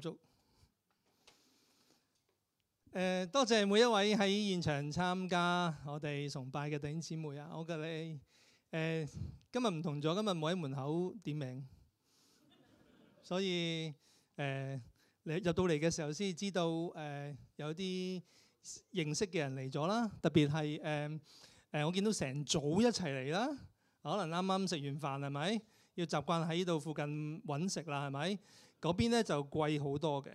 足誒、呃，多謝每一位喺現場參加我哋崇拜嘅弟兄姊妹啊！我嘅你誒、呃，今日唔同咗，今日冇喺門口點名，所以誒，你入到嚟嘅時候先知道誒、呃，有啲認識嘅人嚟咗啦。特別係誒誒，我見到成組一齊嚟啦，可能啱啱食完飯係咪？要習慣喺呢度附近揾食啦係咪？是嗰邊咧就貴好多嘅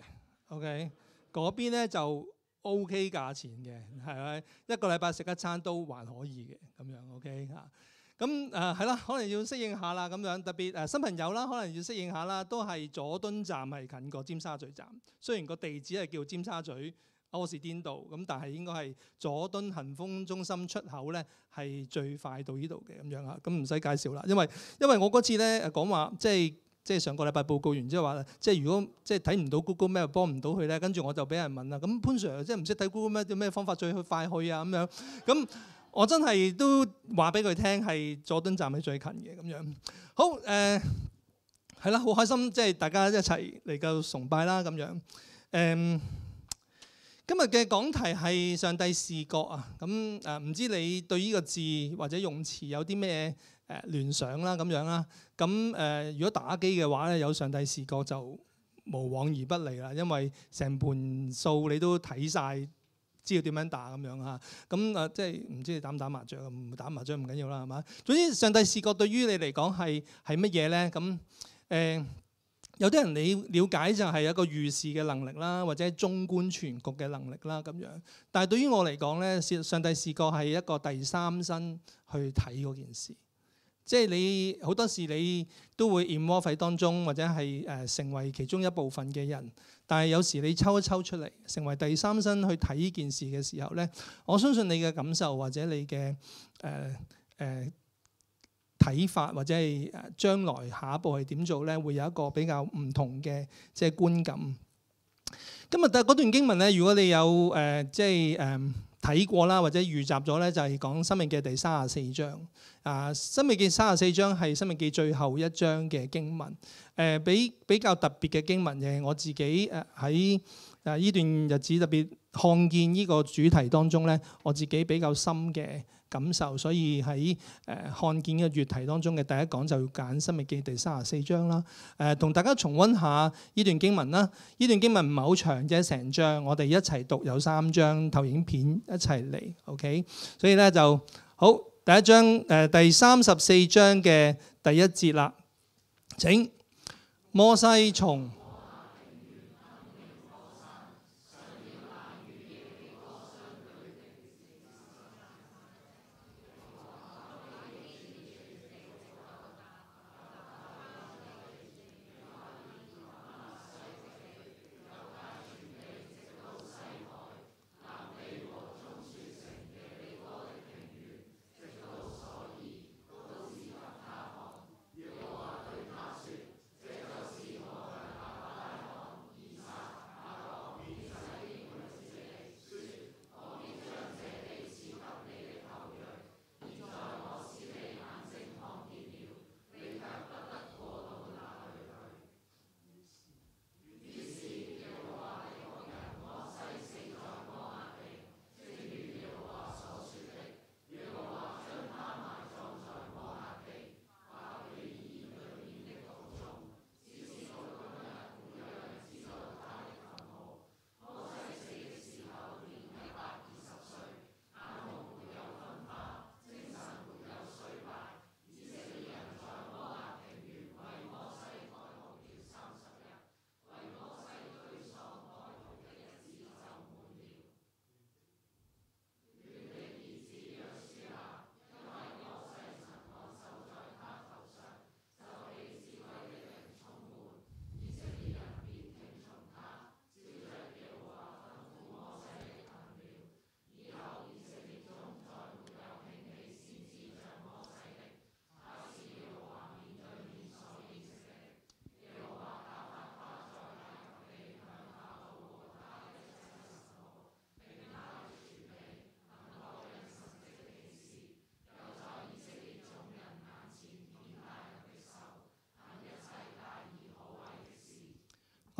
，OK？嗰邊咧就 OK 價錢嘅，係咪？一個禮拜食一餐都還可以嘅，咁樣 OK 嚇。咁誒係啦，可能要適應下啦，咁樣特別誒、啊、新朋友啦，可能要適應下啦。都係佐敦站係近過尖沙咀站，雖然個地址係叫尖沙咀柯士甸道，咁但係應該係佐敦恒豐中心出口咧係最快到呢度嘅咁樣嚇。咁唔使介紹啦，因為因為我嗰次咧誒講話即係。即係上個禮拜報告完之後話，即係如果即係睇唔到 Google Map 幫唔到佢咧，跟住我就俾人問啦。咁潘 Sir 即係唔識睇 Google 咩？有啲咩方法最去快去啊？咁樣咁我真係都話俾佢聽係佐敦站係最近嘅咁樣。好誒係、呃、啦，好開心即係大家一齊嚟夠崇拜啦咁樣。誒、呃、今日嘅講題係上帝視角啊。咁誒唔知你對呢個字或者用詞有啲咩？誒聯想啦，咁樣啦，咁、呃、誒，如果打機嘅話咧，有上帝視覺就無往而不利啦，因為成盤數你都睇晒，知道點樣打咁樣嚇。咁、啊、誒，即係唔知你打唔打麻將，唔打麻將唔緊要啦，係嘛？總之上帝視覺對於你嚟講係係乜嘢咧？咁誒、呃，有啲人你了解就係一個預視嘅能力啦，或者中觀全局嘅能力啦咁樣。但係對於我嚟講咧，上帝視覺係一個第三身去睇嗰件事。即係你好多時你都會 involve 當中，或者係誒、呃、成為其中一部分嘅人。但係有時你抽一抽出嚟，成為第三身去睇呢件事嘅時候咧，我相信你嘅感受或者你嘅誒誒睇法，或者係誒將來下一步係點做咧，會有一個比較唔同嘅即係觀感。今日第嗰段經文咧，如果你有誒、呃，即係誒。呃睇過啦，或者預習咗呢，就係、是、講、啊《申命記》第三十四章。啊，《申命記》三十四章係《申命記》最後一章嘅經文。呃、比比較特別嘅經文嘅，我自己喺呢段日子特別看見呢個主題當中呢，我自己比較深嘅。感受，所以喺誒看見嘅月題當中嘅第一講就要揀申命記第三十四章啦。誒、呃，同大家重溫下呢段經文啦。呢段經文唔係好長，即係成章，我哋一齊讀有三張投影片一齊嚟，OK。所以咧就好第一張誒、呃、第三十四章嘅第一節啦。請摩西從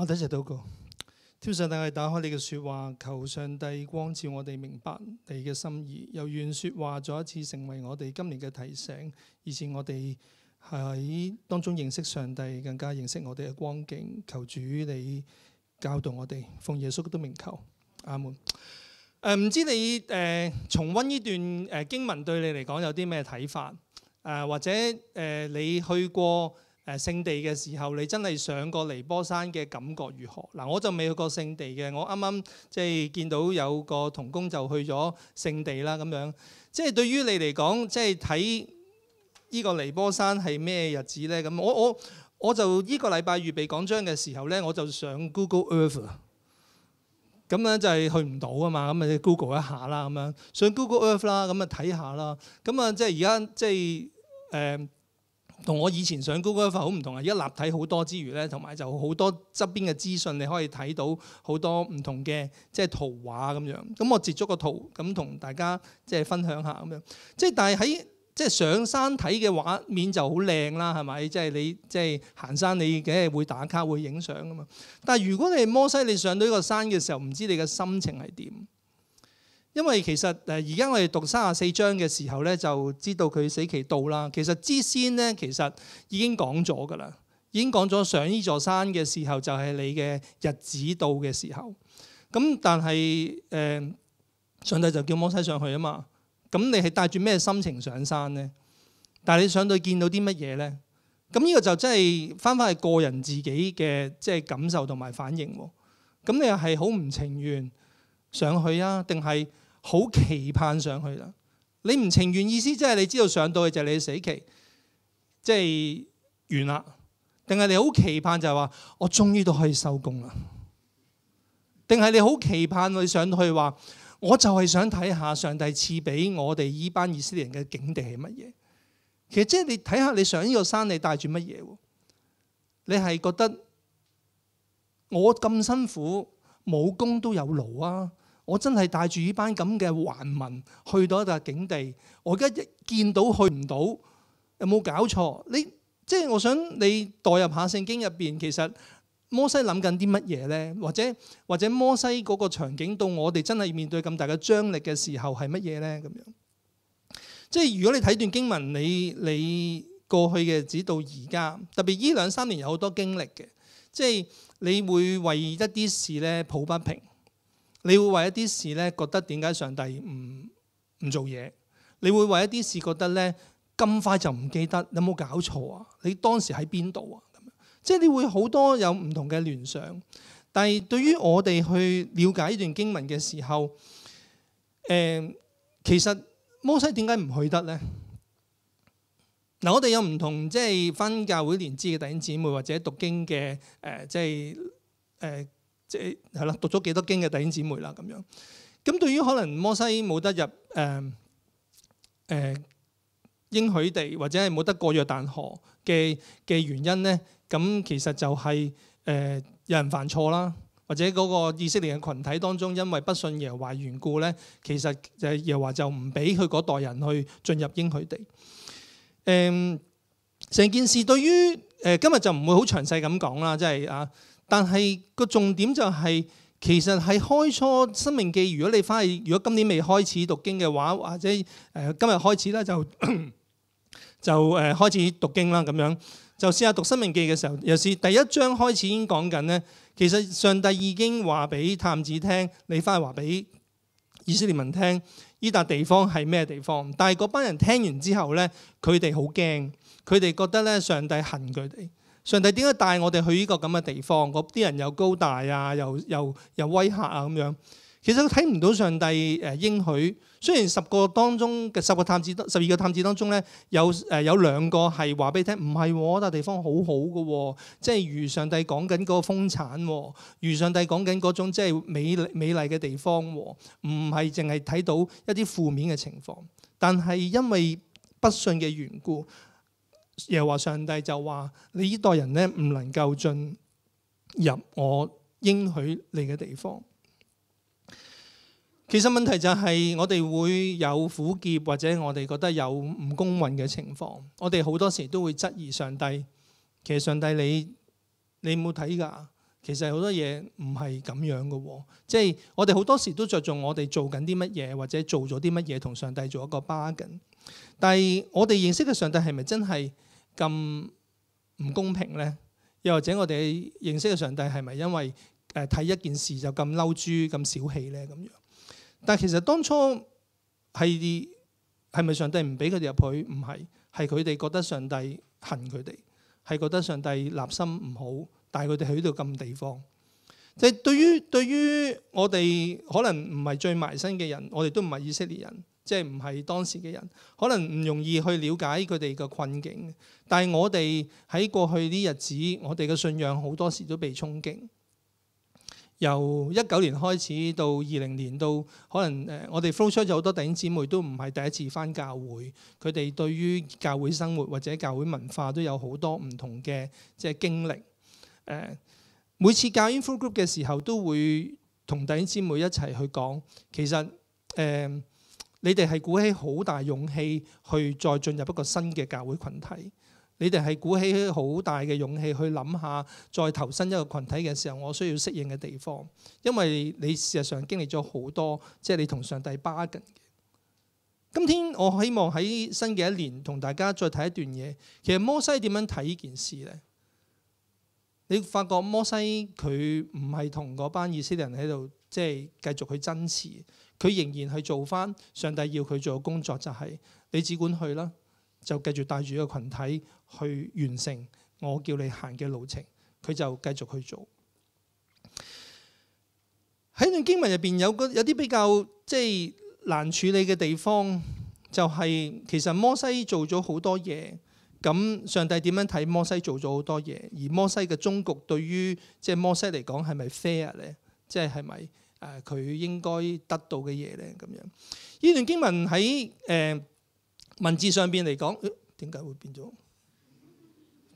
我哋一齊禱告，上神大愛，打開你嘅說話，求上帝光照我哋明白你嘅心意。又願說話再一次成為我哋今年嘅提醒，以致我哋喺當中認識上帝，更加認識我哋嘅光景。求主你教導我哋，奉耶穌都明求。阿門。誒，唔知你誒重温呢段誒經文，對你嚟講有啲咩睇法？誒，或者誒你去過？誒聖地嘅時候，你真係上過尼波山嘅感覺如何？嗱，我就未去過聖地嘅。我啱啱即係見到有個同工就去咗聖地啦，咁樣。即係對於你嚟講，即係睇呢個尼波山係咩日子咧？咁我我我就呢個禮拜預備講章嘅時候咧，我就上 Google Earth。咁樣就係去唔到啊嘛，咁啊 Google 一下啦，咁樣上 Google Earth 啦，咁啊睇下啦。咁啊，即係而家即係誒。呃同我以前上高嗰一塊好唔同啊！而家立體好多之餘咧，同埋就好多側邊嘅資訊你可以睇到好多唔同嘅即係圖畫咁樣。咁我截咗個圖咁同大家即係分享下咁樣。即係但係喺即係上山睇嘅畫面就好靚啦，係咪？即係你即係行山，你梗係會打卡會影相噶嘛。但係如果你係摩西你上到呢個山嘅時候，唔知你嘅心情係點？因為其實誒，而家我哋讀三十四章嘅時候咧，就知道佢死期到啦。其實之前咧，其實已經講咗噶啦，已經講咗上呢座山嘅時候就係你嘅日子到嘅時候。咁但係誒，上帝就叫摩西上去啊嘛。咁你係帶住咩心情上山呢？但係你上到見到啲乜嘢呢？咁呢個就真係翻翻係個人自己嘅即係感受同埋反應。咁你又係好唔情願上去啊？定係？好期盼上去啦！你唔情願意思即係你知道上到去就你死期，即係完啦。定係你好期盼就係話我終於都可以收工啦？定係你好期盼去上去話我就係想睇下上帝賜俾我哋呢班以色列人嘅境地係乜嘢？其實即係你睇下你上呢個山你帶住乜嘢？你係覺得我咁辛苦冇功都有勞啊？我真係帶住呢班咁嘅頑民去到一笪境地，我而家一見到去唔到，有冇搞錯？你即係我想你代入下聖經入邊，其實摩西諗緊啲乜嘢呢？或者或者摩西嗰個場景到我哋真係面對咁大嘅張力嘅時候係乜嘢呢？咁樣，即係如果你睇段經文，你你過去嘅直到而家，特別呢兩三年有好多經歷嘅，即係你會為一啲事咧抱不平。你會為一啲事咧覺得點解上帝唔唔做嘢？你會為一啲事覺得咧咁快就唔記得？你有冇搞錯啊？你當時喺邊度啊？即係你會好多有唔同嘅聯想。但係對於我哋去了解呢段經文嘅時候，誒、呃、其實摩西點解唔去得呢？嗱、呃，我哋有唔同即係返教會連知嘅弟兄姊妹或者讀經嘅誒、呃，即係誒。呃即係啦，讀咗幾多經嘅弟兄姊妹啦，咁樣。咁對於可能摩西冇得入誒誒應許地，或者係冇得過約旦河嘅嘅原因咧，咁其實就係、是、誒、呃、有人犯錯啦，或者嗰個以色列嘅群體當中，因為不信耶和華緣故咧，其實誒耶和華就唔俾佢嗰代人去進入應許地。誒、呃，成件事對於誒、呃、今日就唔會好詳細咁講啦，即、就、係、是、啊。但係個重點就係、是，其實係開初《申命記》。如果你翻去，如果今年未開始讀經嘅話，或者誒今日開始咧， 就就誒開始讀經啦。咁樣就試下讀《申命記》嘅時候，又試第一章開始已經講緊咧。其實上帝已經話俾探子聽，你翻去話俾以色列民聽，依笪地方係咩地方？但係嗰班人聽完之後咧，佢哋好驚，佢哋覺得咧上帝恨佢哋。上帝點解帶我哋去呢個咁嘅地方？嗰啲人又高大啊，又又又威嚇啊咁樣。其實睇唔到上帝誒應許。雖然十個當中嘅十個探子、十二個探子當中咧，有誒有兩個係話俾你聽，唔係嗰笪地方好好嘅、哦，即係如上帝講緊嗰個豐產、哦，如上帝講緊嗰種即係美麗美麗嘅地方、哦，唔係淨係睇到一啲負面嘅情況。但係因為不信嘅緣故。又話上帝就話，你呢代人咧唔能夠進入我應許你嘅地方。其實問題就係我哋會有苦澀或者我哋覺得有唔公允嘅情況。我哋好多時都會質疑上帝。其實上帝你你冇睇噶其實好多嘢唔係咁樣噶。即係我哋好多時都着重我哋做緊啲乜嘢或者做咗啲乜嘢同上帝做一個 bargain。但係我哋認識嘅上帝係咪真係？咁唔公平呢，又或者我哋認識嘅上帝係咪因為誒睇一件事就咁嬲豬咁小氣呢？咁樣？但其實當初係係咪上帝唔俾佢哋入去？唔係，係佢哋覺得上帝恨佢哋，係覺得上帝立心唔好，但係佢哋去到咁地方。即係對於對於我哋可能唔係最埋身嘅人，我哋都唔係以色列人。即係唔係當時嘅人，可能唔容易去了解佢哋嘅困境。但係我哋喺過去啲日子，我哋嘅信仰好多時都被衝擊。由一九年開始到二零年，到可能誒，我哋 flow church 有好多弟兄姊妹都唔係第一次翻教會，佢哋對於教會生活或者教會文化都有好多唔同嘅即係經歷。誒，每次教 info group 嘅時候，都會同弟兄姊妹一齊去講，其實誒，呃你哋係鼓起好大勇氣去再進入一個新嘅教會群體，你哋係鼓起好大嘅勇氣去諗下再投身一個群體嘅時候，我需要適應嘅地方，因為你事實上經歷咗好多，即係你同上帝巴嘅。今天我希望喺新嘅一年同大家再睇一段嘢。其實摩西點樣睇呢件事呢？你發覺摩西佢唔係同嗰班以色列人喺度，即係繼續去爭持。佢仍然係做返上帝要佢做嘅工作就，就係你只管去啦，就繼續帶住個群體去完成我叫你行嘅路程。佢就繼續去做。喺段經文入邊有個有啲比較即係難處理嘅地方，就係、是、其實摩西做咗好多嘢，咁上帝點樣睇摩西做咗好多嘢？而摩西嘅終局對於即係摩西嚟講係咪 fair 咧？即係係咪？誒佢應該得到嘅嘢咧，咁樣呢段經文喺誒、呃、文字上邊嚟講，點、哎、解會變咗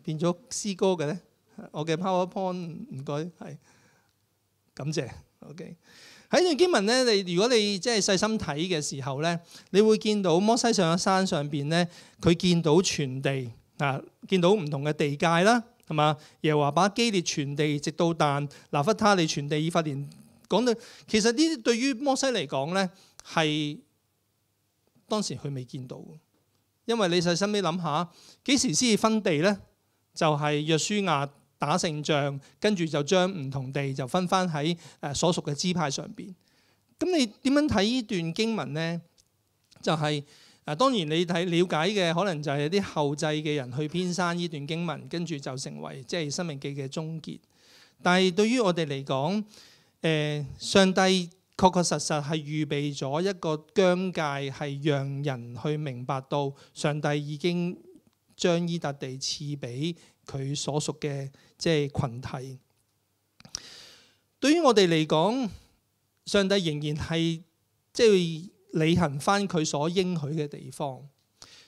變咗詩歌嘅咧？我嘅 PowerPoint 唔該，係感謝。OK，喺呢段經文咧，你如果你即係細心睇嘅時候咧，你會見到摩西上咗山上邊咧，佢見到全地啊，見到唔同嘅地界啦，係、啊、嘛？耶和華把基列全地，直到但，拿弗他利全地、以法蓮。講到其實呢啲對於摩西嚟講呢，係當時佢未見到，因為你細心啲諗下，幾時先至分地呢？就係、是、約書亞打勝仗，跟住就將唔同地就分翻喺誒所屬嘅支派上邊。咁你點樣睇呢段經文呢？就係、是、誒當然你睇了解嘅可能就係啲後製嘅人去編刪呢段經文，跟住就成為即係《就是、申命記》嘅終結。但係對於我哋嚟講，誒，上帝確確實實係預備咗一個疆界，係讓人去明白到上帝已經將伊達地賜俾佢所屬嘅即係群體。對於我哋嚟講，上帝仍然係即係要履行返佢所應許嘅地方。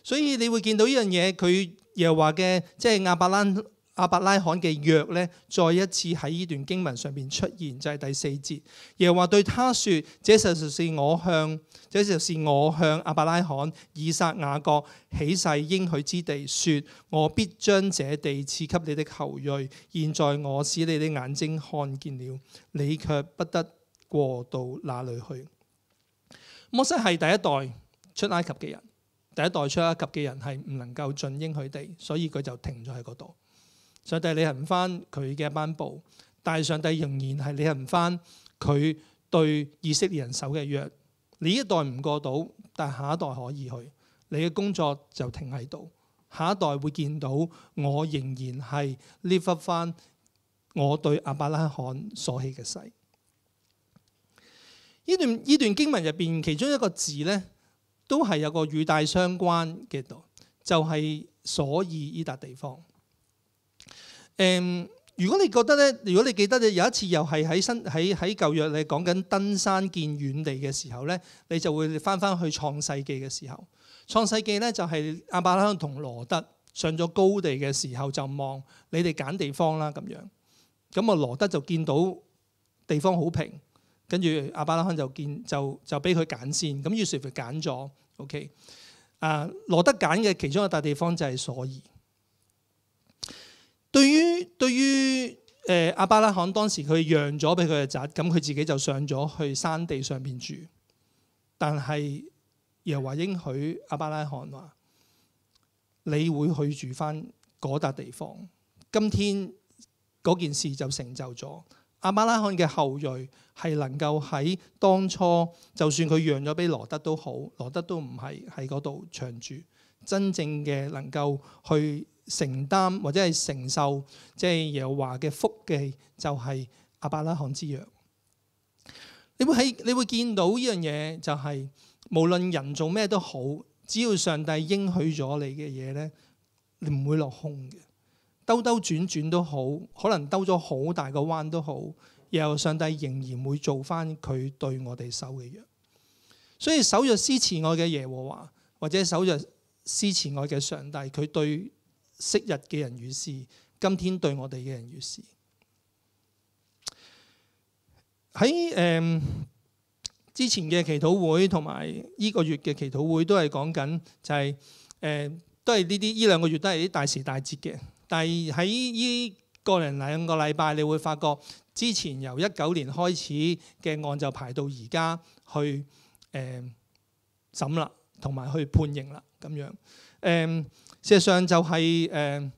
所以你會見到呢樣嘢，佢又話嘅即係亞伯蘭。阿伯拉罕嘅約呢，再一次喺呢段經文上面出現，就係第四節，耶和華對他說：這就是我向，這就是我向阿伯拉罕、以撒、雅各起誓應許之地，說我必將這地賜給你的後裔。現在我使你的眼睛看見了，你卻不得過到哪裏去。摩西係第一代出埃及嘅人，第一代出埃及嘅人係唔能夠進應許地，所以佢就停咗喺嗰度。上帝履行翻佢嘅頒布，但係上帝仍然係履行翻佢對以色列人守嘅約。你一代唔過到，但下一代可以去。你嘅工作就停喺度，下一代會見到我仍然係 lift up 翻我對亞伯拉罕所起嘅誓。呢段呢段經文入邊，其中一個字呢都係有個語帶相關嘅度，就係、是、所以呢笪地方。誒，如果你覺得咧，如果你記得咧，有一次又係喺新喺喺舊約你講緊登山見遠地嘅時候咧，你就會翻翻去創世記嘅時候。創世記咧就係亞伯拉罕同羅德上咗高地嘅時候就望你哋揀地方啦咁樣。咁啊羅德就見到地方好平，跟住亞伯拉罕就見就就俾佢揀先。咁於是佢揀咗，OK。啊，羅德揀嘅其中一笪地方就係瑣珥。對於對於誒、呃、亞伯拉罕當時佢讓咗俾佢嘅姪，咁佢自己就上咗去山地上邊住。但係耶和華應許亞伯拉罕話：你會去住翻嗰笪地方。今天嗰件事就成就咗亞伯拉罕嘅後裔係能夠喺當初就算佢讓咗俾羅德都好，羅德都唔係喺嗰度長住，真正嘅能夠去。承擔或者係承受，即係耶和華嘅福嘅，就係亞伯拉罕之約。你會喺你會見到呢樣嘢，就係無論人做咩都好，只要上帝應許咗你嘅嘢呢，你唔會落空嘅。兜兜轉轉都好，可能兜咗好大個彎都好，然後上帝仍然會做翻佢對我哋收嘅約。所以守約施慈愛嘅耶和華，或者守約施慈愛嘅上帝，佢對。昔日嘅人與事，今天對我哋嘅人與事。喺誒、呃、之前嘅祈禱會同埋呢個月嘅祈禱會都係講緊就係、是、誒、呃、都係呢啲呢兩個月都係啲大時大節嘅，但係喺呢個零兩個禮拜，你會發覺之前由一九年開始嘅案就排到而家去誒、呃、審啦。同埋去判刑啦，咁樣誒、嗯，事實上就係誒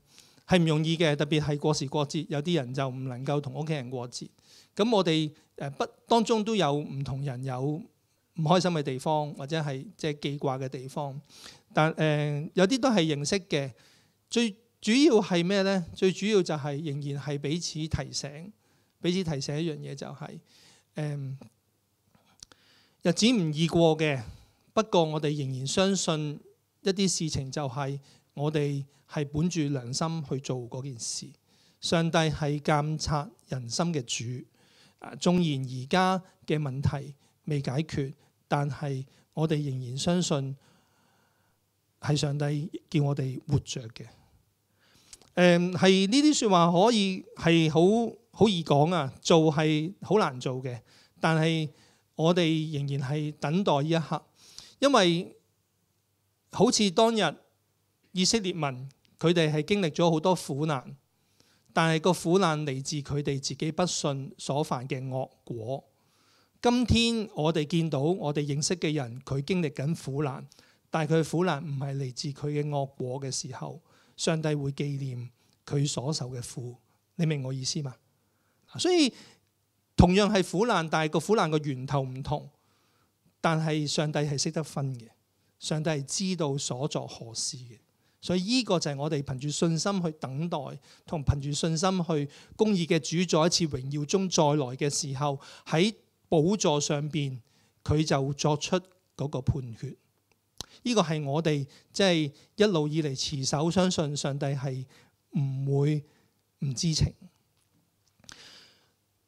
係唔容易嘅，特別係過時過節，有啲人就唔能夠同屋企人過節。咁我哋誒不當中都有唔同人有唔開心嘅地方，或者係即係記掛嘅地方。但誒、嗯、有啲都係認識嘅。最主要係咩呢？最主要就係仍然係彼此提醒，彼此提醒一樣嘢就係、是、誒、嗯、日子唔易過嘅。不過我哋仍然相信一啲事情就係我哋係本住良心去做嗰件事。上帝係監察人心嘅主。縱然而家嘅問題未解決，但係我哋仍然相信係上帝叫我哋活着嘅。誒，係呢啲説話可以係好好易講啊，做係好難做嘅。但係我哋仍然係等待一刻。因為好似當日以色列民，佢哋係經歷咗好多苦難，但係個苦難嚟自佢哋自己不信所犯嘅惡果。今天我哋見到我哋認識嘅人，佢經歷緊苦難，但係佢嘅苦難唔係嚟自佢嘅惡果嘅時候，上帝會紀念佢所受嘅苦。你明我意思嘛？所以同樣係苦難，但係個苦難個源頭唔同。但係上帝係識得分嘅，上帝係知道所作何事嘅，所以呢個就係我哋憑住信心去等待，同憑住信心去公義嘅主宰。一次榮耀中再來嘅時候，喺寶座上邊佢就作出嗰個判決。呢、呢個係我哋即係一路以嚟持守相信上帝係唔會唔知情，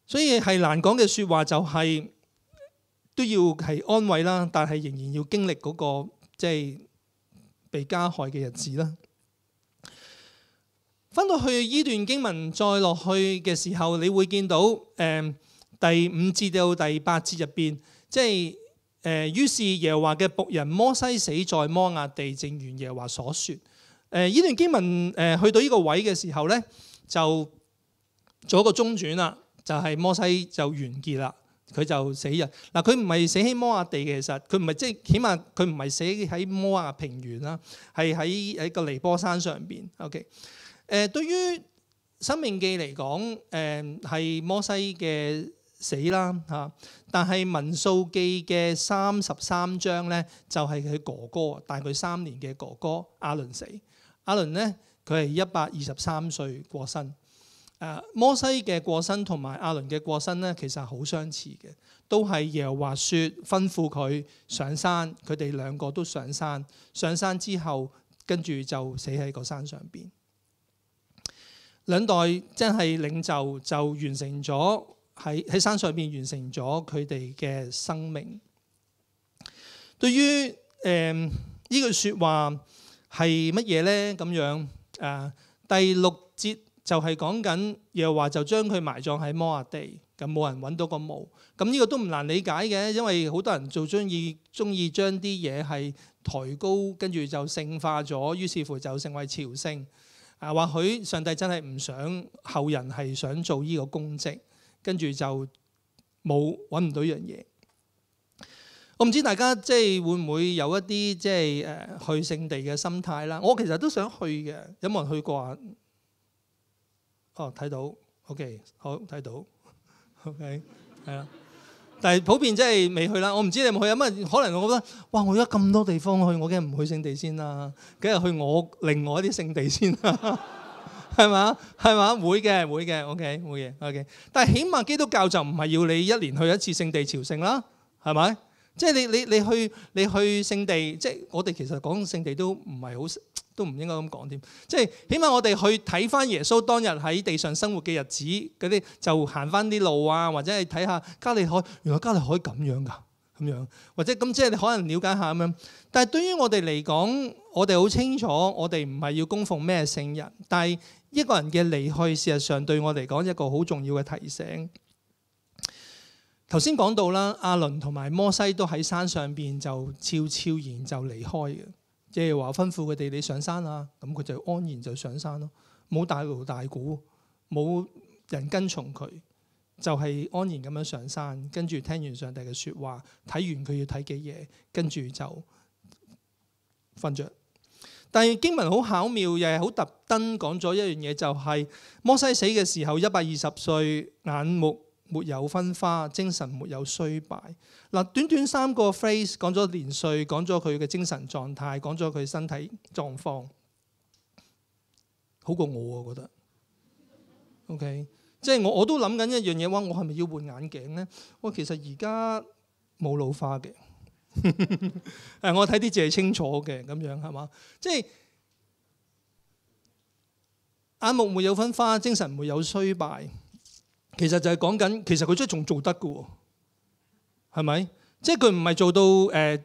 所以係難講嘅說話就係、係。都要係安慰啦，但係仍然要經歷嗰、那個即係、就是、被加害嘅日子啦。翻到去呢段經文再落去嘅時候，你會見到誒、嗯、第五至到第八節入邊，即係誒於是耶和華嘅僕人摩西死在摩亞地，正如耶和華所說。誒、呃、呢段經文誒去、呃、到呢個位嘅時候呢，就做一個中轉啦，就係、是、摩西就完結啦。佢就死咗。嗱，佢唔係死喺摩亞地嘅，其實佢唔係即係，起碼佢唔係死喺摩亞平原啦，係喺一個尼波山上邊。OK，誒、呃，對於《申命記》嚟、呃、講，誒係摩西嘅死啦嚇、啊，但係《民數記》嘅三十三章咧，就係、是、佢哥哥，大佢三年嘅哥哥阿倫死。阿倫咧，佢係一百二十三歲過身。誒，摩西嘅過身同埋亞倫嘅過身咧，其實好相似嘅，都係耶和華説吩咐佢上山，佢哋兩個都上山，上山之後跟住就死喺個山上邊。兩代真係領袖就完成咗喺喺山上邊完成咗佢哋嘅生命。對於誒呢句説話係乜嘢呢？咁樣誒、呃、第六節。就係講緊又話就將佢埋葬喺摩亞地，咁冇人揾到個墓。咁呢個都唔難理解嘅，因為好多人做中意中意將啲嘢係抬高，跟住就聖化咗，於是乎就成為朝聖。啊，或許上帝真係唔想後人係想做呢個功績，跟住就冇揾唔到一樣嘢。我唔知大家即係會唔會有一啲即係、呃、去聖地嘅心態啦。我其實都想去嘅，有冇人去過啊？哦，睇到，OK，好、哦、睇到，OK，係啦。但係普遍即係未去啦。我唔知你有冇去啊？乜可能我覺得，哇！我而家咁多地方去，我梗係唔去聖地先啦，梗係去我另外一啲聖地先啦，係咪？ 係咪？會嘅，會嘅，OK，會嘅，OK。但係起碼基督教就唔係要你一年去一次聖地朝聖啦，係咪？即係你你你去你去聖地，即係我哋其實講聖地都唔係好，都唔應該咁講添。即係起碼我哋去睇翻耶穌當日喺地上生活嘅日子，嗰啲就行翻啲路啊，或者係睇下加利海，原來加利海咁樣㗎，咁樣或者咁即係你可能了解下咁樣。但係對於我哋嚟講，我哋好清楚，我哋唔係要供奉咩聖人，但係一個人嘅離去，事實上對我嚟講一個好重要嘅提醒。頭先講到啦，阿倫同埋摩西都喺山上邊就悄悄然就離開嘅，即係話吩咐佢哋你上山啦，咁佢就安然就上山咯，冇大鑼大鼓，冇人跟從佢，就係、是、安然咁樣上山，跟住聽完上帝嘅説話，睇完佢要睇嘅嘢，跟住就瞓着。但係經文好巧妙，又係好特登講咗一樣嘢，就係、是、摩西死嘅時候一百二十歲，眼目沒有昏花，精神沒有衰敗。嗱，短短三個 phrase 講咗年歲，講咗佢嘅精神狀態，講咗佢身體狀況，好過我啊！我覺得，OK，即係我我都諗緊一樣嘢話，我係咪要換眼鏡呢？我其實而家冇老花嘅，誒，我睇啲字係清楚嘅，咁樣係嘛？即係眼目沒有昏花，精神沒有衰敗。其實就係講緊，其實佢真係仲做得㗎喎，係咪？即係佢唔係做到誒、呃、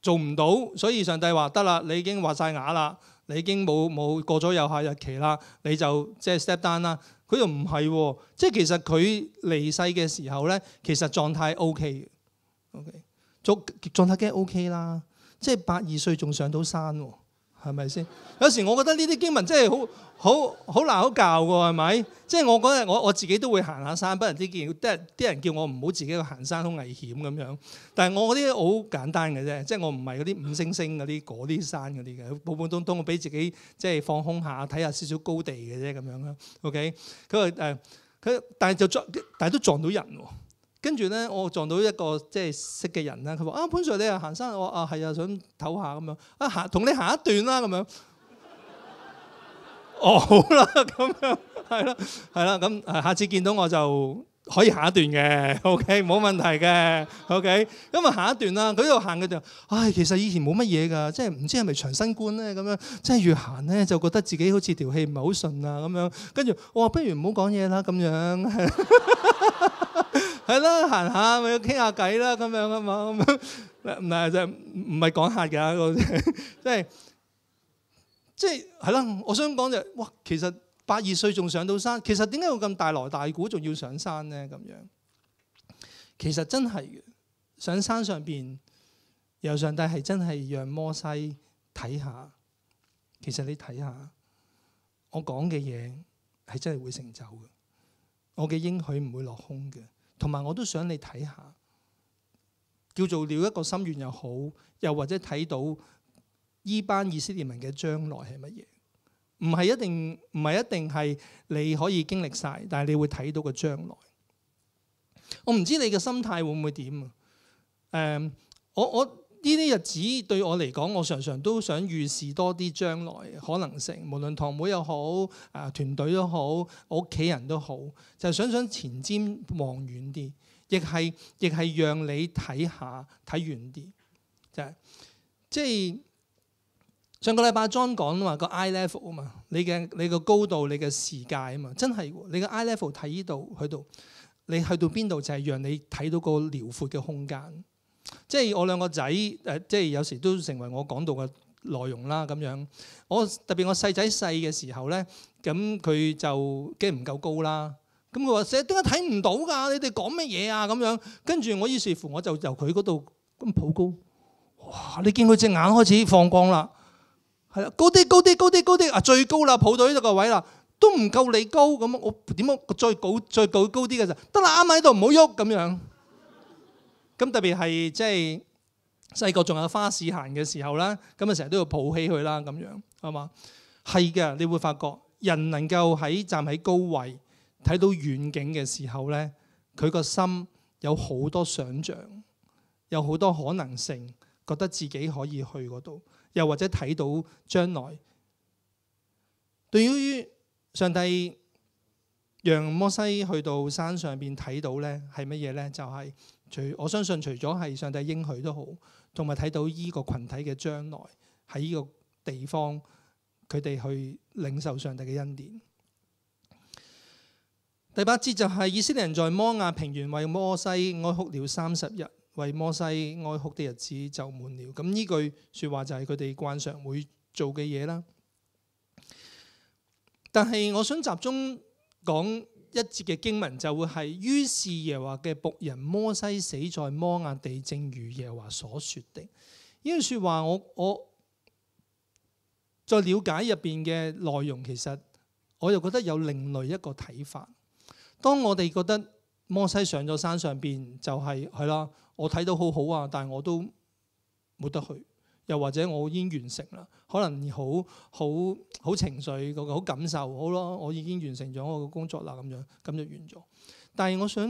做唔到，所以上帝話得啦，你已經畫晒牙啦，你已經冇冇過咗有效日期啦，你就即係 step down 啦。佢又唔係喎，即係其實佢離世嘅時候咧，其實狀態 O K，O K，狀狀態梗係 O K 啦，即係八二歲仲上到山喎。係咪先？ 有時我覺得呢啲經文真係好好好難好教喎，係咪？即係 我嗰日我我自己都會行下山，不人之見，啲人啲人叫我唔好自己去行山，好危險咁樣。但係我嗰啲好簡單嘅啫，即係我唔係嗰啲五星星嗰啲嗰啲山嗰啲嘅，普普通通我俾自己即係放空下，睇下少少高地嘅啫咁樣啦。OK，佢話誒，佢但係就撞，但係都撞到人喎。跟住咧，我撞到一個即係識嘅人啦。佢話：啊、ah, 潘 Sir，你又行山？我啊係啊，oh, uh, 想唞下咁樣。啊行，同你行一段啦咁樣。哦好啦，咁樣係咯，係 啦。 咁對下次見到我就可以行一段嘅，OK，冇問題嘅，OK。咁啊行一段啦。佢一行嘅就：哎「唉，其實以前冇乜嘢㗎，即係唔知係咪長新冠咧咁 樣。即係越行咧就覺得自己好似條氣唔係好順啊咁樣。跟住我話、oh, 不如唔好講嘢啦咁樣。 係啦，行下咪要傾下偈啦，咁樣啊嘛，咁樣唔係就唔係講下嘅，即係即係係啦。我想講就哇，其實八二歲仲上到山，其實點解會咁大鑼大鼓仲要上山咧？咁樣其實真係上山上邊由上帝係真係讓摩西睇下，其實你睇下我講嘅嘢係真係會成就嘅，我嘅應許唔會落空嘅。同埋我都想你睇下，叫做了一個心願又好，又或者睇到呢班以色列民嘅將來係乜嘢？唔係一定，唔係一定係你可以經歷晒，但係你會睇到個將來。我唔知你嘅心態會唔會點？啊，誒，我我。呢啲日子對我嚟講，我常常都想預示多啲將來可能性，無論堂會又好，啊團隊都好，我屋企人都好，就係、想想前瞻望遠啲，亦係亦係讓你睇下睇遠啲，就係、即係上個禮拜 John 講啊個 eye level 啊嘛，你嘅你個高度、你嘅視界啊嘛，真係喎，你個 eye level 睇依度喺度，你去到邊度就係讓你睇到個遼闊嘅空間。即係我兩個仔，誒、呃，即係有時都成為我講道嘅內容啦，咁樣。我特別我細仔細嘅時候咧，咁佢就驚唔夠高啦。咁佢話：成日點解睇唔到噶？你哋講乜嘢啊？咁樣。跟住我於是乎，我就由佢嗰度咁抱高，哇！你見佢隻眼開始放光啦，係啦，高啲，高啲，高啲，高啲啊！最高啦，抱到呢度個位啦，都唔夠你高咁。我點樣再高再高高啲嘅就得啦，啱啱喺度唔好喐咁樣。咁特別係即係細個仲有花市行嘅時候啦，咁啊成日都要抱起佢啦，咁樣係嘛？係嘅，你會發覺人能夠喺站喺高位睇到遠景嘅時候咧，佢個心有好多想像，有好多可能性，覺得自己可以去嗰度，又或者睇到將來。對於上帝讓摩西去到山上邊睇到咧係乜嘢咧？就係、是。除我相信除咗係上帝應許都好，同埋睇到依個群體嘅將來喺依個地方，佢哋去領受上帝嘅恩典。第八節就係、是、以色列人在摩亞平原為摩西哀哭了三十日，為摩西哀哭嘅日子就滿了。咁呢句説話就係佢哋慣常會做嘅嘢啦。但係我想集中講。一節嘅經文就會係，於是耶和華嘅僕人摩西死在摩押地，正如耶和華所說的。呢句説話我我再了解入邊嘅內容，其實我又覺得有另類一個睇法。當我哋覺得摩西上咗山上邊，就係係啦，我睇到好好啊，但係我都冇得去。又或者我已經完成啦，可能好好情緒嗰好感受好咯，我已經完成咗我嘅工作啦咁樣，咁就完咗。但係我想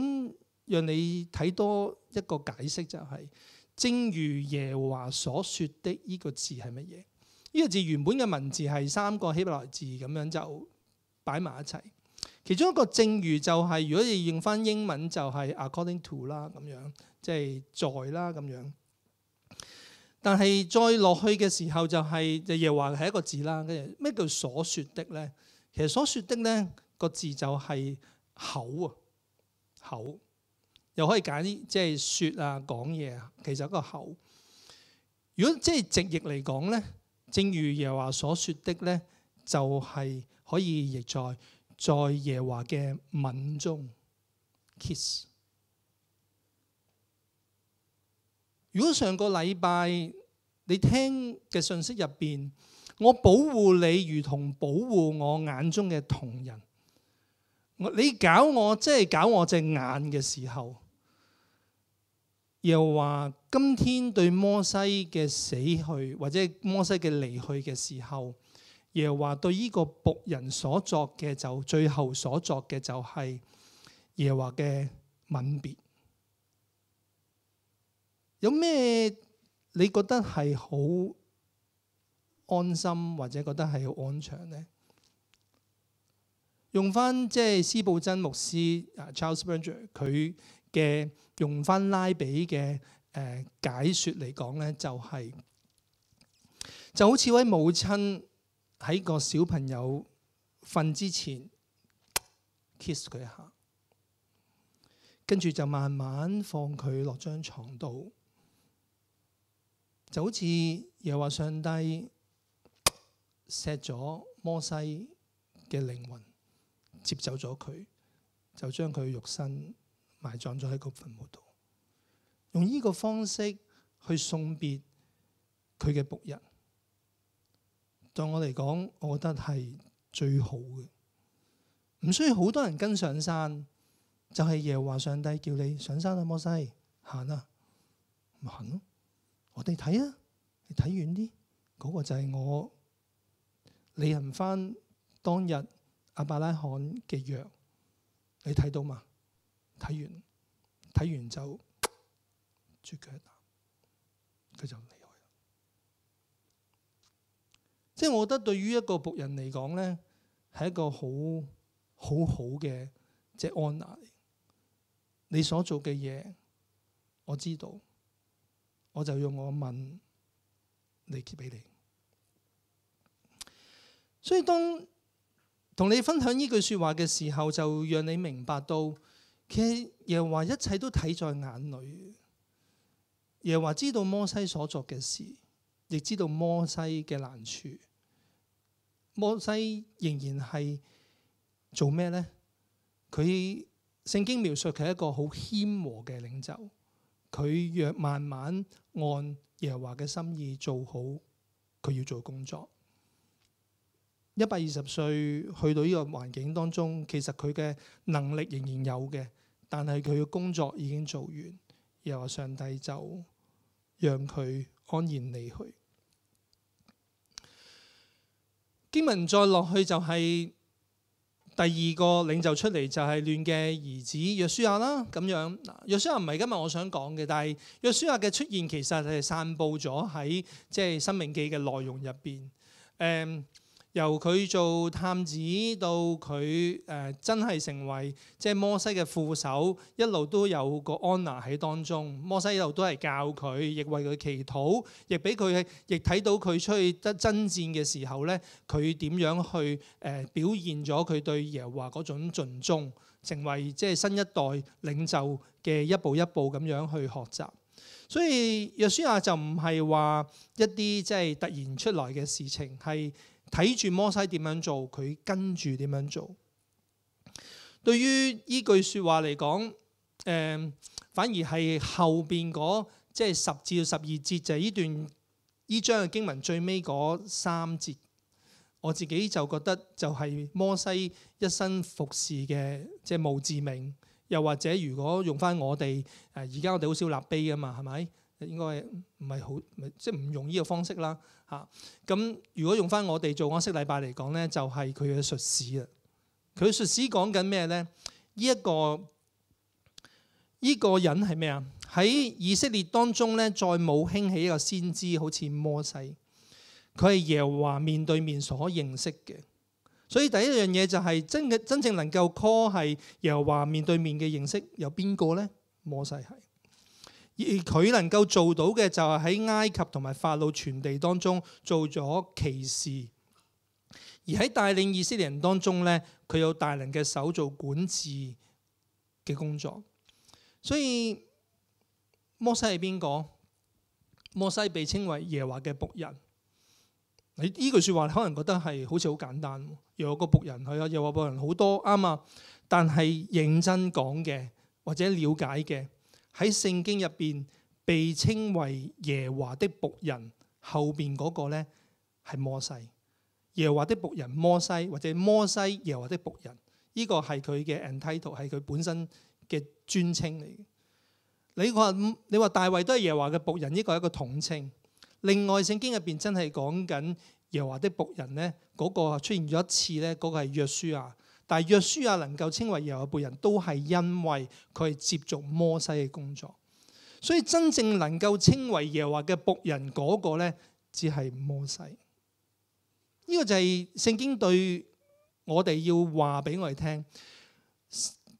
讓你睇多一個解釋，就是，就係正如耶和華所說的，呢個字係乜嘢？呢、這個字原本嘅文字係三個希伯來字咁樣就擺埋一齊。其中一個正如就係、是，如果你用翻英文就係 according to 啦咁樣，即係在啦咁樣。但係再落去嘅時候就係耶和華係一個字啦，跟咩叫所說的咧？其實所說的咧個字就係口啊，口又可以解啲即係説啊、講嘢啊，其實一個口。如果即係直譯嚟講咧，正如耶和華所說的咧，就係可以譯在在耶和華嘅吻中 kiss。如果上個禮拜你聽嘅信息入邊，我保護你如同保護我眼中嘅瞳人。你搞我即係搞我隻眼嘅時候，又話今天對摩西嘅死去或者摩西嘅離去嘅時候，又話對呢個僕人所作嘅，就最後所作嘅就係耶和華嘅吻別。有咩你覺得係好安心或者覺得係好安詳呢？用翻即係司布真牧師 Charles Spurgeon 佢嘅，用翻拉比嘅誒解説嚟講呢、就是，就係就好似位母親喺個小朋友瞓之前 kiss 佢一下，跟住就慢慢放佢落張床度。就好似耶華上帝錫咗摩西嘅靈魂，接走咗佢，就將佢肉身埋葬咗喺嗰墳墓度，用呢個方式去送別佢嘅僕人。對我嚟講，我覺得係最好嘅。唔需要好多人跟上山，就係耶華上帝叫你上山啊，摩西行啦。咪行咯。我哋睇啊，你睇遠啲，嗰個就係我履行翻，當日阿伯拉罕嘅約。你睇到嘛？睇完，睇完就絕腳一打，佢就離開啦。即係我覺得對於一個僕人嚟講咧，係一個好好好嘅，即安慰。你所做嘅嘢，我知道。我就用我問嚟，揭俾你，所以當同你分享呢句說話嘅時候，就讓你明白到，其實耶華一切都睇在眼裏，耶華知道摩西所作嘅事，亦知道摩西嘅難處，摩西仍然係做咩呢？佢聖經描述佢係一個好謙和嘅領袖。佢若慢慢按耶和華嘅心意做好，佢要做工作。一百二十歲去到呢個環境當中，其實佢嘅能力仍然有嘅，但係佢嘅工作已經做完，耶和華上帝就讓佢安然離去。經文再落去就係、是。第二個領袖出嚟就係亂嘅兒子約書亞啦，咁樣，約書亞唔係今日我想講嘅，但係約書亞嘅出現其實係散佈咗喺即係《申命記》嘅內容入邊。誒。由佢做探子到佢誒、呃、真係成為即係摩西嘅副手，一路都有個安娜喺當中。摩西一路都係教佢，亦為佢祈禱，亦俾佢亦睇到佢出去得爭戰嘅時候呢，佢點樣去誒、呃、表現咗佢對耶和華嗰種盡忠，成為即係新一代領袖嘅一步一步咁樣去學習，所以約書亞就唔係話一啲即係突然出來嘅事情係。睇住摩西點樣做，佢跟住點樣做。對於依句説話嚟講，誒、呃、反而係後邊嗰即係十至到十二節就係、是、呢段呢章嘅經文最尾嗰三節，我自己就覺得就係摩西一生服侍嘅即係墓誌銘，又或者如果用翻我哋誒而家我哋好少立碑啊嘛，係咪？應該唔係好，即係唔用呢個方式啦嚇。咁、啊、如果用翻我哋做安息禮拜嚟講呢就係佢嘅述史啊。佢述史講緊咩呢？就是、呢一、呢個呢、呢個人係咩啊？喺以色列當中呢，再冇興起一個先知，好似摩西。佢係耶和華面對面所認識嘅。所以第一樣嘢就係真嘅真正能夠 call 係耶和華面對面嘅認識，有邊個呢？摩西係。而佢能夠做到嘅就係喺埃及同埋法老傳地當中做咗歧視，而喺帶領以色列人當中呢，佢有大能嘅手做管治嘅工作。所以摩西係邊個？摩西被稱為耶和華嘅僕人。你呢句説話，可能覺得係好似好簡單，有個僕人，佢啊，耶和華僕人好多啱啊。但係認真講嘅或者了解嘅。喺聖經入邊被稱為耶華的僕人，後邊嗰個咧係摩西。耶華的僕人摩西，或者摩西耶華的僕人，呢個係佢嘅 entitle，係佢本身嘅尊稱嚟嘅。你話你話大衛都係耶華嘅僕人，呢個係一個統稱。另外聖經入邊真係講緊耶華的僕人呢，嗰個出現咗一次呢，嗰個係約書亞。但係約書亞能夠稱為耶和華僕人都係因為佢係接觸摩西嘅工作，所以真正能夠稱為耶和華嘅僕人嗰、那個咧，只係摩西。呢、這個就係聖經對我哋要話俾我哋聽，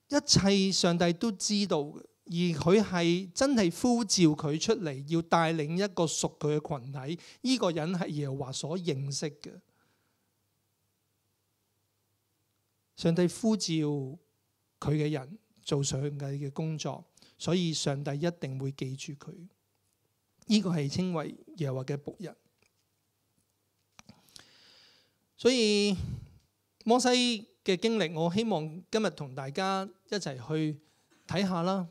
一切上帝都知道，而佢係真係呼召佢出嚟，要帶領一個屬佢嘅群體。呢、這個人係耶和華所認識嘅。上帝呼召佢嘅人做上帝嘅工作，所以上帝一定會記住佢。呢、這個係稱為耶和華嘅僕人。所以摩西嘅經歷，我希望今日同大家一齊去睇下啦。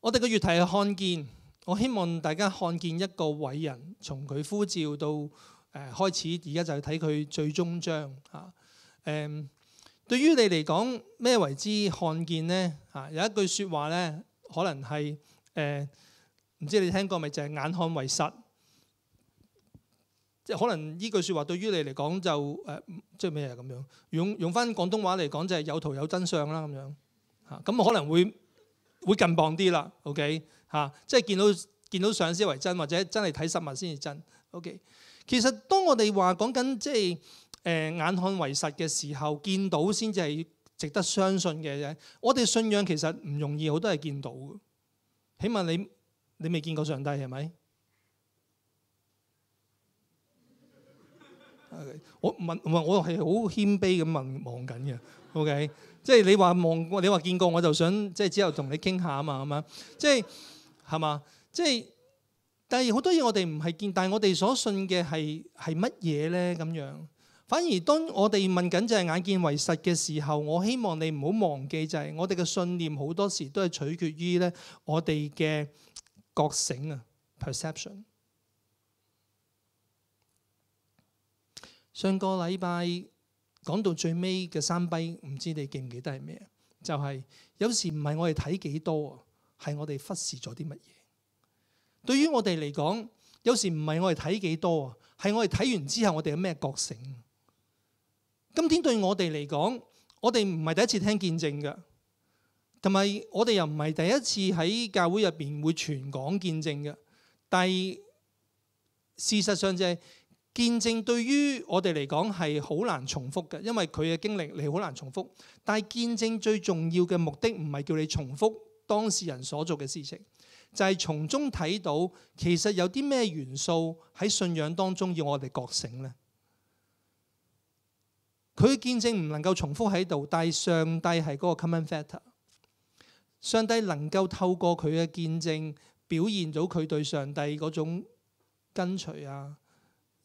我哋嘅月題係看見，我希望大家看見一個偉人，從佢呼召到誒開始，而家就係睇佢最終章啊。誒、嗯，對於你嚟講咩為之看見呢？嚇，有一句説話呢，可能係誒，唔、呃、知你聽過咪就係、是、眼看為實。即係可能呢句説話對於你嚟講就誒、呃，即係咩啊咁樣？用用翻廣東話嚟講就係、是、有圖有真相啦咁樣。嚇，咁可能會會更傍啲啦。OK，嚇，即係見到見到相先為真，或者真係睇實物先至真。OK，其實當我哋話講緊即係。誒、眼看為實嘅時候，見到先至係值得相信嘅嘢。我哋信仰其實唔容易，好多係見到嘅。起碼你你未見過上帝係咪？ 我問唔係我係好謙卑咁望望緊嘅。OK， 即係你話望過你話見過我就想即係之後同你傾下啊嘛咁樣。即係係嘛？即係但係好多嘢我哋唔係見，但係我哋所信嘅係係乜嘢咧？咁樣。反而當我哋問緊就係眼見為實嘅時候，我希望你唔好忘記就係我哋嘅信念好多時都係取決於咧我哋嘅覺醒啊。Perception。上個禮拜講到最尾嘅三悲，唔知你記唔記得係咩？就係有時唔係我哋睇幾多啊，係我哋忽視咗啲乜嘢。對於我哋嚟講，有時唔係我哋睇幾多啊，係我哋睇完之後我哋有咩覺醒。今天對我哋嚟講，我哋唔係第一次聽見證嘅，同埋我哋又唔係第一次喺教會入邊會傳講見證嘅。但事實上就係、是、見證對於我哋嚟講係好難重複嘅，因為佢嘅經歷你好難重複。但係見證最重要嘅目的唔係叫你重複當事人所做嘅事情，就係、是、從中睇到其實有啲咩元素喺信仰當中要我哋覺醒呢。佢嘅見證唔能夠重複喺度，但係上帝係嗰個 common factor。上帝能夠透過佢嘅見證，表現到佢對上帝嗰種跟隨啊、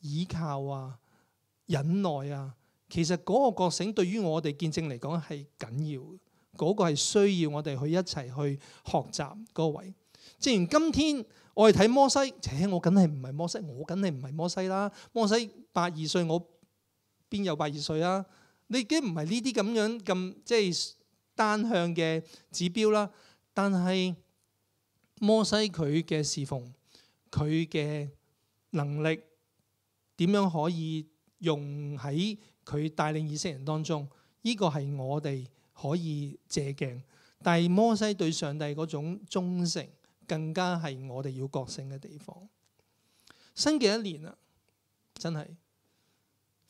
依靠啊、忍耐啊。其實嗰個覺醒對於我哋見證嚟講係緊要，嗰個係需要我哋去一齊去學習。各位，正如今天我哋睇摩西，請我梗係唔係摩西，我梗係唔係摩西啦。摩西八二歲，我。邊有百二歲啊？你已經唔係呢啲咁樣咁即係單向嘅指標啦。但係摩西佢嘅侍奉，佢嘅能力點樣可以用喺佢帶領以色列人當中？呢個係我哋可以借鏡。但係摩西對上帝嗰種忠誠，更加係我哋要覺醒嘅地方。新嘅一年啊，真係。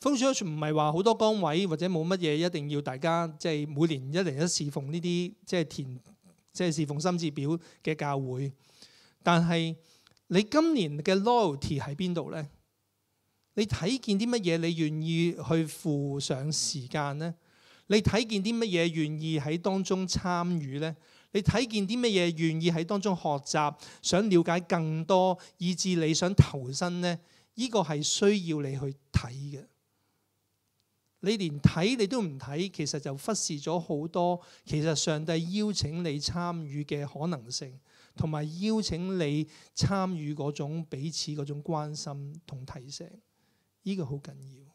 豐盛唔係話好多崗位或者冇乜嘢，一定要大家即係每年一零一侍奉呢啲即係填即係侍奉心志表嘅教會。但係你今年嘅 loyalty 喺邊度呢？你睇見啲乜嘢？你願意去付上時間呢？你睇見啲乜嘢願意喺當中參與呢？你睇見啲乜嘢願意喺當中學習？想了解更多，以致你想投身呢，呢個係需要你去睇嘅。你連睇你都唔睇，其實就忽視咗好多。其實上帝邀請你參與嘅可能性，同埋邀請你參與嗰種彼此嗰種關心同提醒，呢、呢個好緊要。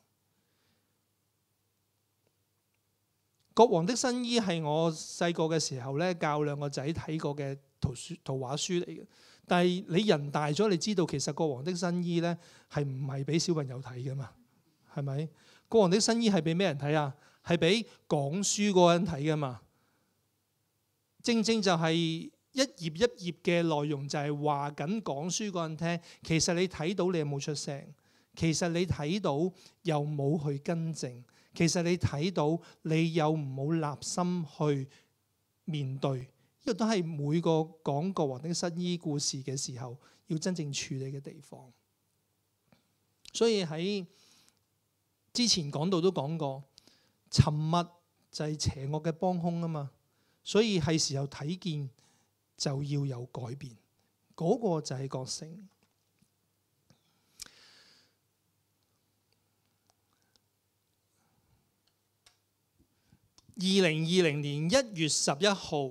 國王的新衣係我細個嘅時候咧教兩個仔睇過嘅圖書圖畫書嚟嘅。但係你人大咗，你知道其實國王的新衣咧係唔係俾小朋友睇噶嘛？係咪？國王的新衣係俾咩人睇啊？係俾講書嗰人睇噶嘛？正正就係一頁一頁嘅內容就係話緊講書嗰人聽。其實你睇到你有冇出聲？其實你睇到又冇去更正？其實你睇到你有冇立心去面對？呢個都係每個講國王的新衣故事嘅時候要真正處理嘅地方。所以喺之前講到都講過，沉默就係邪惡嘅幫兇啊嘛，所以係時候睇見就要有改變，嗰個就係覺醒。二零二零年一月十一號，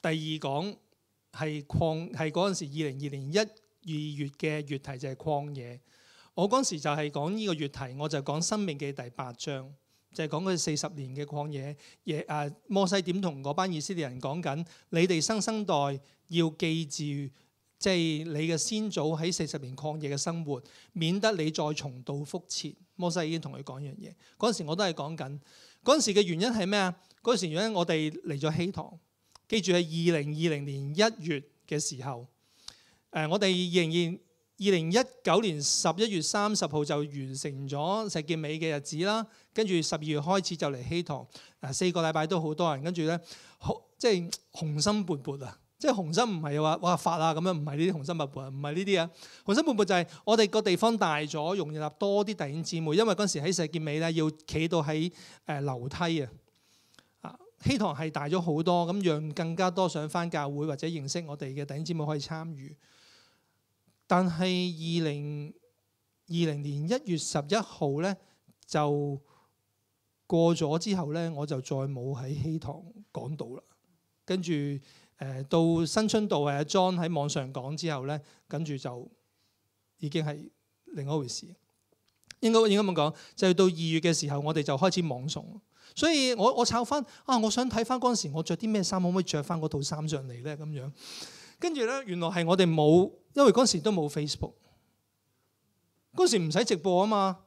第二講係曠，係嗰陣時二零二零一二月嘅月題就係曠野。我嗰時就係講呢個月題，我就講申命記嘅第八章，就係、是、講佢四十年嘅曠野。嘢。啊，摩西點同嗰班以色列人講緊，你哋新生，生代要記住，即、就、係、是、你嘅先祖喺四十年曠野嘅生活，免得你再重蹈覆轍。摩西已經同佢講樣嘢。嗰陣時我都係講緊，嗰陣時嘅原因係咩啊？嗰陣時原因我哋嚟咗希塘，記住係二零二零年一月嘅時候。誒、呃，我哋二零二零。二零一九年十一月三十號就完成咗石建美嘅日子啦，跟住十二月開始就嚟禧堂，嗱四個禮拜都好多人，跟住咧即係雄心勃勃啊！即係雄心唔係話哇發啊咁樣，唔係呢啲雄心勃勃啊，唔係呢啲啊，雄心勃勃就係我哋個地方大咗，容易立多啲弟兄姊妹，因為嗰陣時喺石建美呢要企到喺誒樓梯啊，啊禧堂係大咗好多，咁讓更加多想返教會或者認識我哋嘅弟兄姊妹可以參與。但係二零二零年一月十一號呢，就過咗之後呢，我就再冇喺希堂講道啦。跟住誒到新春度誒 John 喺網上講之後呢，跟住就已經係另一回事。應該應該咁講，就到二月嘅時候，我哋就開始網送。所以我我炒翻啊，我想睇翻嗰陣時我着啲咩衫，可唔可以着翻嗰套衫上嚟呢？咁樣。跟住呢，原來係我哋冇，因為嗰時都冇 Facebook，嗰時唔使直播啊嘛，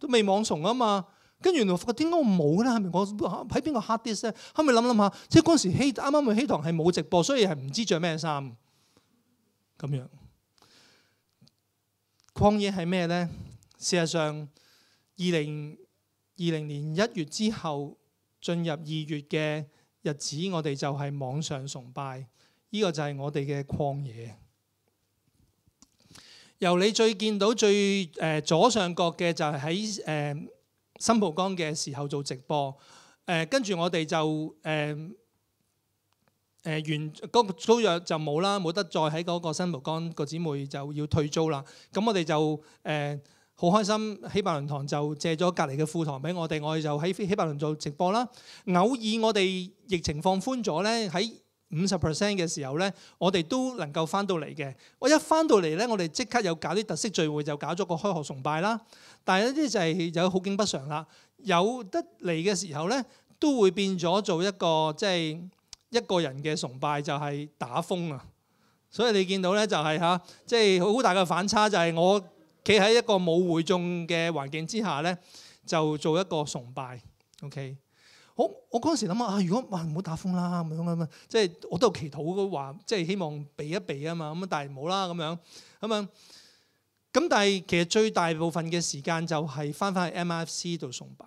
都未網崇啊嘛。跟住原來發覺點解我冇呢？係咪我喺邊個 hard disk？後尾諗諗下，即係嗰時希啱啱去希堂係冇直播，所以係唔知着咩衫。咁樣，曠野係咩呢？事實上，二零二零年一月之後進入二月嘅日子，我哋就係網上崇拜。呢個就係我哋嘅曠野。由你最見到最誒左上角嘅就係喺誒新蒲崗嘅時候做直播。誒跟住我哋就誒誒完嗰租約就冇啦，冇得再喺嗰個新蒲崗個姊妹就要退租啦。咁、嗯、我哋就誒好、呃、開心希伯倫堂就借咗隔離嘅副堂俾我哋，我哋就喺希伯倫做直播啦。偶爾我哋疫情放寬咗咧，喺五十 percent 嘅時候呢，我哋都能夠翻到嚟嘅。我一翻到嚟呢，我哋即刻又搞啲特色聚會，就搞咗個開學崇拜啦。但係呢啲就係有好景不常啦。有得嚟嘅時候呢，都會變咗做一個即係、就是、一個人嘅崇拜，就係、是、打風啊。所以你見到呢、就是，就係吓，即係好大嘅反差，就係我企喺一個冇會眾嘅環境之下呢，就做一個崇拜。OK。我我嗰陣時諗啊，如果話唔好打風啦，咁樣咁啊，即係我都有祈禱嘅話，即係希望避一避啊嘛，咁但係冇啦，咁樣咁啊，咁但係其實最大部分嘅時間就係翻返去 MFC 度崇拜。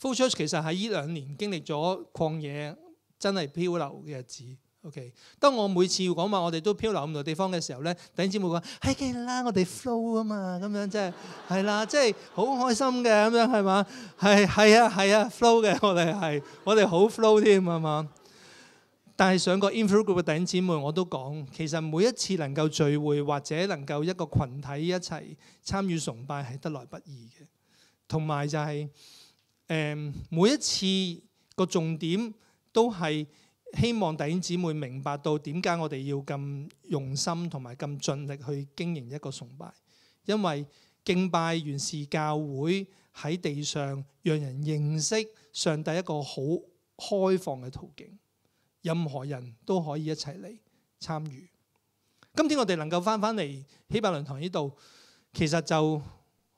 Flow Church 其實喺呢兩年經歷咗曠野，真係漂流嘅日子。OK，當我每次講話我哋都漂流咁多地方嘅時候咧，弟兄姊妹講係嘅啦，我哋 flow 啊嘛，咁樣即係係啦，即係好開心嘅咁樣係嘛？係係啊係啊，flow 嘅我哋係，我哋好 flow 添啊嘛。但係上個 info group 嘅弟兄姊妹我都講，其實每一次能夠聚會或者能夠一個群體一齊參與崇拜係得來不易嘅，同埋就係、是、誒、嗯、每一次個重點都係。希望弟兄姊妹明白到點解我哋要咁用心同埋咁盡力去經營一個崇拜，因為敬拜原是教會喺地上讓人認識上帝一個好開放嘅途徑，任何人都可以一齊嚟參與。今天我哋能夠翻返嚟希伯倫堂呢度，其實就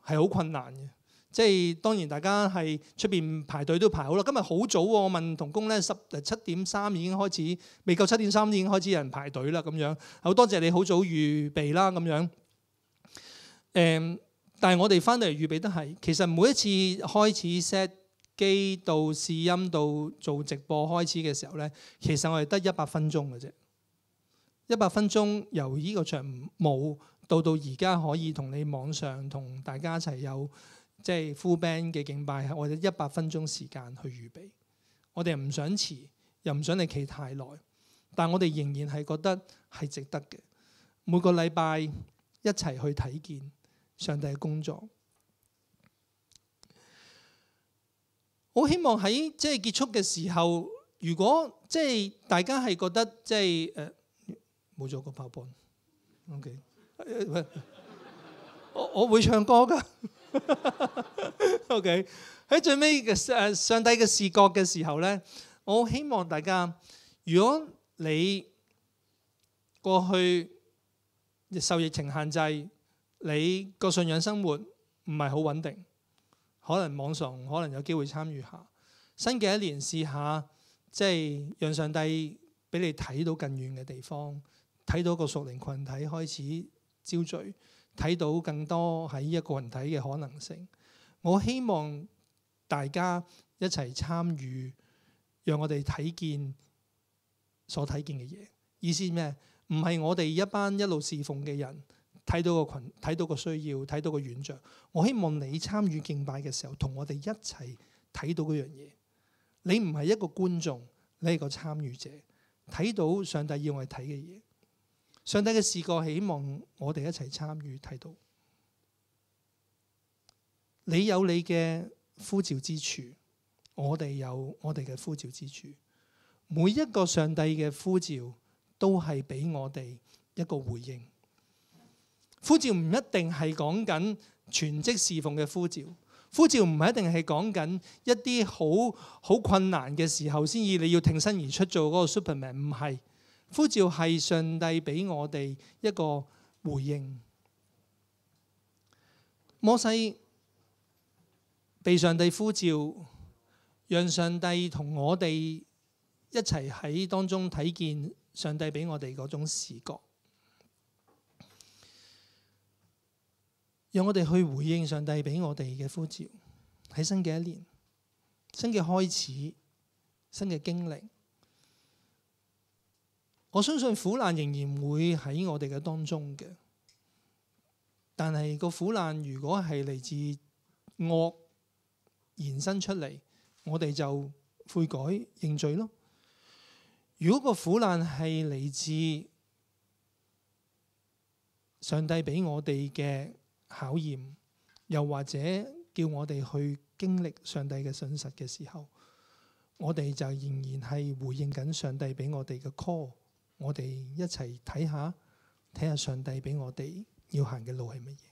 係好困難嘅。即係當然，大家係出邊排隊都排好啦。今日好早喎，我問同工咧，十七點三已經開始，未夠七點三已經開始有人排隊啦。咁樣好多謝你好早預備啦。咁樣誒、嗯，但係我哋翻到嚟預備都係，其實每一次開始 set 機到試音到做直播開始嘅時候咧，其實我哋得一百分鐘嘅啫。一百分鐘由依個場冇到到而家可以同你網上同大家一齊有。即係 full band 嘅敬拜，係我哋一百分鐘時間去預備。我哋唔想遲，又唔想你企太耐，但我哋仍然係覺得係值得嘅。每個禮拜一齊去睇見上帝嘅工作。我希望喺即係結束嘅時候，如果即係大家係覺得即係誒冇咗個拍板，OK？呃呃、我我會唱歌噶。 O.K. 喺最尾嘅上上帝嘅視角嘅時候咧，我希望大家，如果你過去受疫情限制，你個信仰生活唔係好穩定，可能網上可能有機會參與下新嘅一年試一，試下即係讓上帝俾你睇到更遠嘅地方，睇到個屬靈群體開始焦聚。睇到更多喺一個人睇嘅可能性，我希望大家一齊參與，讓我哋睇見所睇見嘅嘢。意思咩？唔係我哋一班一路侍奉嘅人睇到個群，睇到個需要，睇到個異象。我希望你參與敬拜嘅時候，同我哋一齊睇到嗰樣嘢。你唔係一個觀眾，你係個參與者，睇到上帝要我哋睇嘅嘢。上帝嘅視角，希望我哋一齊參與睇到。你有你嘅呼召之處，我哋有我哋嘅呼召之處。每一個上帝嘅呼召，都係俾我哋一個回應。呼召唔一定係講緊全職侍奉嘅呼召，呼召唔係一定係講緊一啲好好困難嘅時候先至你要挺身而出做嗰個 Superman，唔係。呼召係上帝俾我哋一個回應。摩西被上帝呼召，讓上帝同我哋一齊喺當中睇見上帝俾我哋嗰種視角，讓我哋去回應上帝俾我哋嘅呼召。喺新嘅一年，新嘅開始，新嘅經歷。我相信苦難仍然會喺我哋嘅當中嘅，但係個苦難如果係嚟自惡延伸出嚟，我哋就悔改認罪咯。如果個苦難係嚟自上帝俾我哋嘅考驗，又或者叫我哋去經歷上帝嘅信實嘅時候，我哋就仍然係回應緊上帝俾我哋嘅 call。我哋一齊睇下，睇下上帝畀我哋要行嘅路係乜嘢。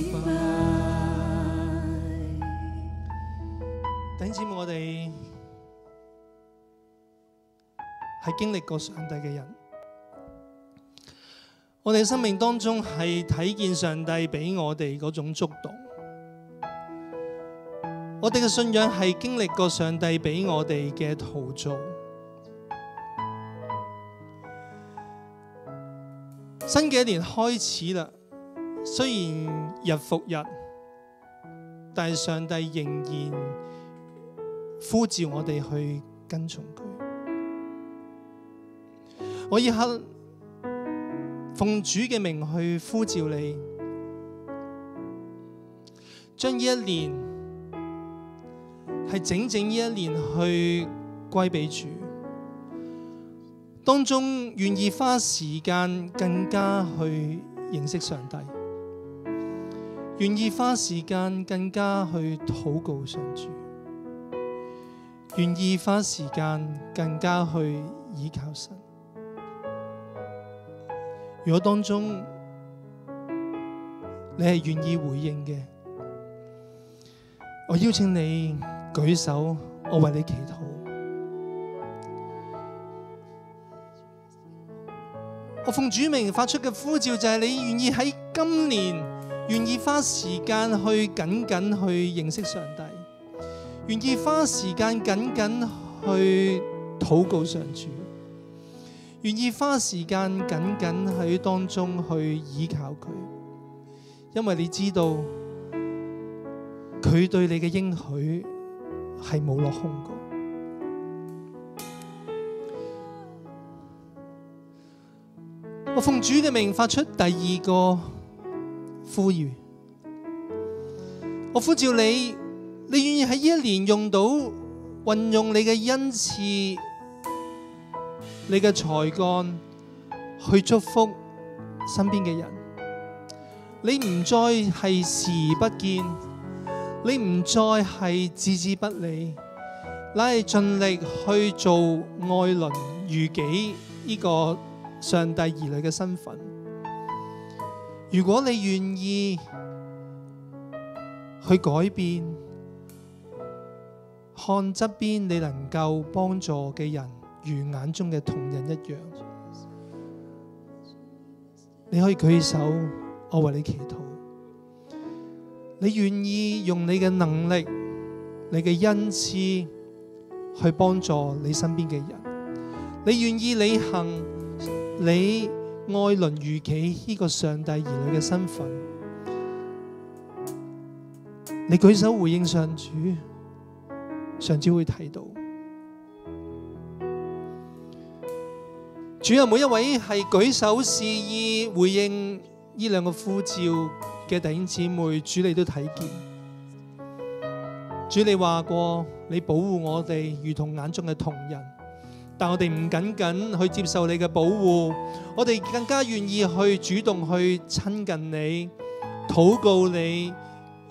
希望我哋係經歷過上帝嘅人，我哋生命當中係睇見上帝俾我哋嗰種觸動，我哋嘅信仰係經歷過上帝俾我哋嘅陶造。新嘅一年開始啦，雖然日復日，但係上帝仍然。呼召我哋去跟從佢。我此刻奉主嘅名去呼召你，將呢一年係整整呢一年去歸俾主，當中願意花時間更加去認識上帝，願意花時間更加去禱告上主。願意花時間更加去倚靠神。如果當中你係願意回應嘅，我邀請你舉手，我為你祈禱。我奉主命發出嘅呼召就係你願意喺今年願意花時間去緊緊去認識上帝。願意花時間緊緊去禱告上主，願意花時間緊緊喺當中去依靠佢，因為你知道佢對你嘅應許係冇落空過。我奉主嘅命發出第二個呼籲，我呼召你。你願意喺呢一年用到運用你嘅恩賜、你嘅才幹去祝福身邊嘅人？你唔再係視而不見，你唔再係置之不理，你係盡力去做愛鄰如己呢個上帝兒女嘅身份。如果你願意去改變。看側邊你能夠幫助嘅人，如眼中嘅瞳人一樣。你可以舉手，我為你祈禱。你願意用你嘅能力、你嘅恩賜去幫助你身邊嘅人？你願意履行你愛鄰如己呢個上帝兒女嘅身份？你舉手回應上主。上次會睇到，主有每一位係舉手示意回應呢兩個呼召嘅弟兄姊妹，主你都睇見。主你話過，你保護我哋如同眼中嘅瞳人，但我哋唔僅僅去接受你嘅保護，我哋更加願意去主動去親近你，禱告你，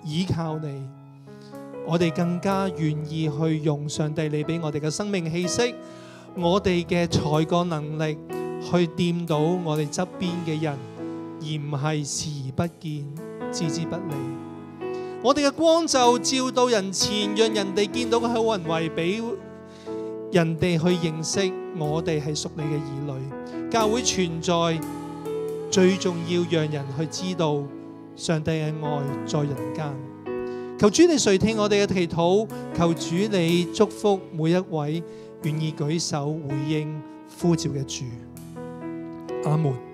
依靠你。我哋更加願意去用上帝你俾我哋嘅生命氣息，我哋嘅才幹能力，去掂到我哋側邊嘅人，而唔係視而不見、置之不理。我哋嘅光就照到人前，讓人哋見到佢好行為，俾人哋去認識我哋係屬你嘅兒女。教會存在最重要，讓人去知道上帝嘅愛在人間。求主你垂聽我哋嘅祈禱，求主你祝福每一位願意舉手回應呼召嘅主。阿門。